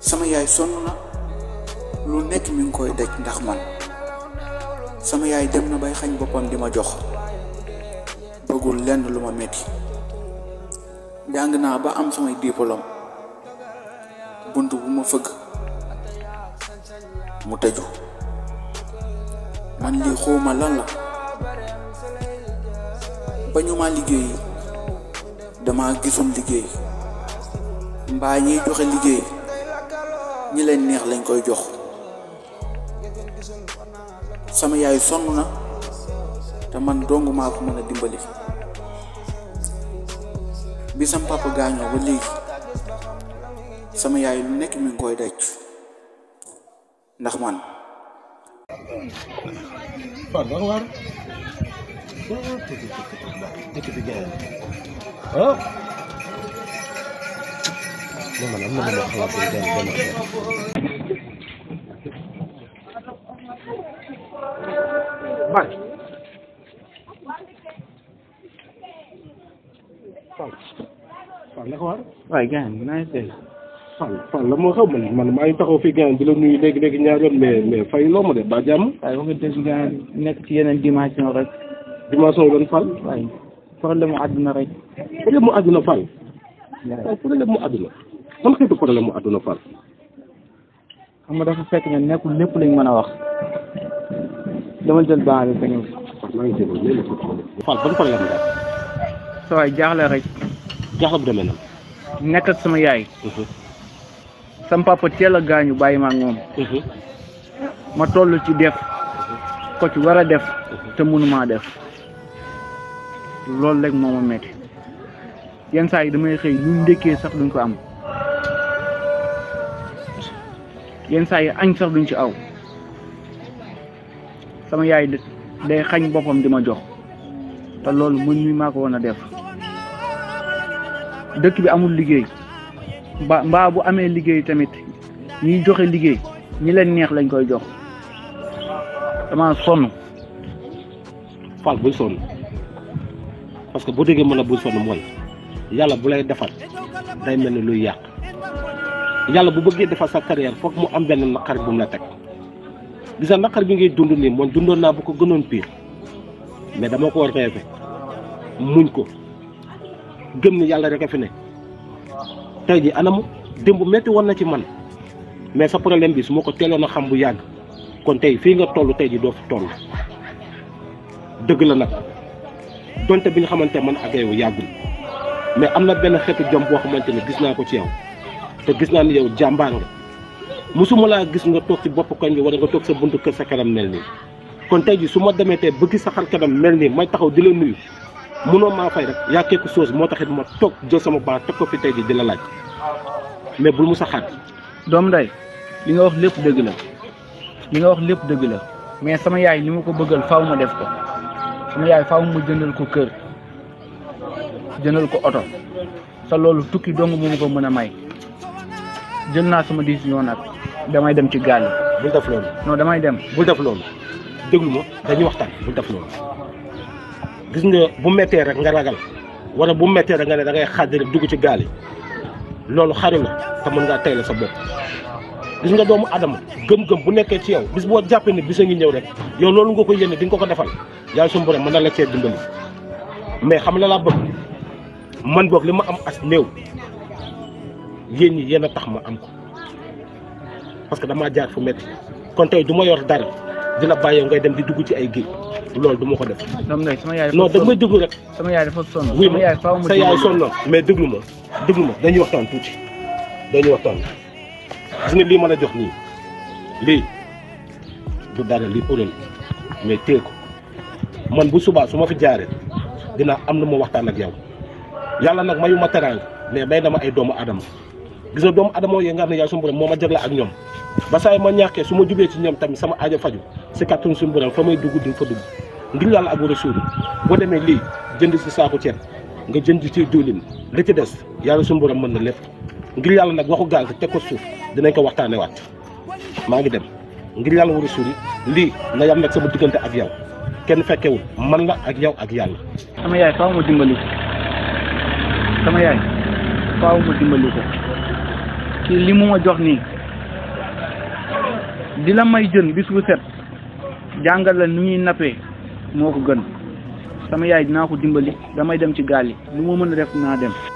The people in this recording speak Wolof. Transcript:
sama yaay sonn na lu nekk mi koy daj ndax man sama yaay dem na bay xañ boppam di ma jox bëggul lenn lu ma metti jàng naa ba am samay diplôme bunt bu ma fëgg mu tëju man lii xawma lan la ba ñu ma liggéey dama gisum liggéey mbaa ñiy joxe liggéey ñi leen neex lañ koy jox sama yaay sonn na te man dong maa ko mën a dimbali bi sama papa gaañoo ba léegi sama yaay lu nekk mi ngi koy daj ndax man moom man am na lu ma xalaatee benn benn xeet. bàyyi. Fall Fall la ko war. waaye gars yi naa yëg Fall Fall la moo xew man man maa ngi taxaw fii gars yi di la nuyu léegi léegi ñaar yoon mais mais fay loo ma de ba jàmm. waaye wax dëgg gars yi nekk ci yeneen dimension rek. dimension lan Fall. waaye problème mu àdduna rek. problème mu àdduna Fall. waaw problème mu àdduna. ban xeetu problème mu xam nga dafa fekk ne nekkul lépp lañ mën a wax. dama jël baax bi a Fall ban rek. jaaxle bu sama yaay. Mhm. sama papa teel a gaañu bàyyi ma ak moom. Mhm. ma toll ci def. Mhm. ko ci war a def. te mënumaa def. loolu rek moo ma metti yenn saa yi damay xëy lu ñu sax luñ ko am. yenn saa yi añ sax duñ ci aw sama yaay day xañ boppam di ma jox te loolu mën mi maa ko woon a def dëkk bi amul liggéey ba mbaa bu amee liggéey tamit ñuy joxe liggéey ñi leen neex lañ koy jox dama sonn fal bul sonn parce que boo déggee mën a bul sonn mooy yàlla bu lay defar day mel ni luy yàq yàlla bu bëggee defar sa carrière foog mu am benn naqar bu mu la teg gis nga naqar bi ngay dund nii man dundoon naa bu ko gënoon pire mais dama ko rêvé muñ ko gëm ni yàlla rek a fi ne tey ji anam démb métti woon na ci man mais sa problème bi su ma ko teeloon a xam bu yàgg kon tey fii nga toll tey ji doo fi toll dëgg la nag donte bi nga xamante man ak yow yàggul mais am na benn xeetu jom boo xamante ne gis naa ko ci te gis naa ni yow jàmbaar nga musuma laa gis nga toog ci bopp koñ bi wala nga toog sa buntu kër sa kanam mel nii kon tey ji su ma demee tey ba gis sa xar kanam mel nii may taxaw di la nuyu mënoo maa fay rek yaa quelque chose moo taxit ma toog jël sama baax teg ko fi tey ji dina la laaj mais bul mu sa xaat doom ndey li nga wax lépp dëgg la li nga wax lépp dëgg la mais sama yaay li ma ko bëggal faw ma def ko sama yaay faaw ma jëndal ko kër jëndal ko oto sa loolu tukki dong moo ma ko mën a may jël naa sama décision nag damay dem ci gaal yi. def loolu. non damay dem. bu def loolu déglu ma dañuy waxtaan bu def loolu gis nga bu méttee rek nga ragal wala bu méttee rek nga da ngay xàddi dugg ci gaal yi loolu xaru la te mën ngaa tey la sa bopp. gis nga doomu adama gëm-gëm bu nekkee ci yow bis boo jàppee ne bis a ngi ñëw rek yow loolu nga ko yéene di nga ko ko defal yaay suñu borom mën na la cee dimbali mais xam la laa bëgg man boog li ma am as néew yéen ñi yéen a tax ma am ko parce que damaa jaar fu metti kon tey du ma yor dara dina bàyyi ngay dem di dugg ci ay géej loolu du ma ko def. doom ndey sama yaay non da may rek. sama yaay dafa sonn sama yaay faaw ma sa yaay sonnoon mais déglu ma déglu ma dañuy waxtaan tuuti dañuy waxtaan gis nga lii ma a jox nii lii du dara lii urée mais téye ko man bu subaa su ma fi jaaree dina am na ma waxtaan ak yow yàlla nag mayu ma teraanga mais may dama ay doomu adama gis nga doomu adama yooyu nga xam ne yaay suñu borom moo ma jagle ak ñoom ba saay ma ñàkkee su ma jubee ci ñoom tamit sama aajo faju si kàttanu suñu borom fa may dugg di fa dugg ngir yàlla ak war suuri boo demee lii jënd si saaku ceeb nga jënd ci diwlin li ci des yàlla suñu borom mën na lépp ngir yàlla nag waxu gaal teg ko suuf dinañ ko waxtaane waat maa ngi dem ngir yàlla war a suuri lii na yam nag sama diggante ak yow kenn fekkewul man la ak yow ak yàlla sama yaay faaw ma dimbali sama yaay faaw ci li mu ma jox nii dina may jën bis bu set jàngal la nu ñuy nappee moo ko gën sama yaay dinaa ko dimbali damay dem ci gaal yi lu ma mën a def naa dem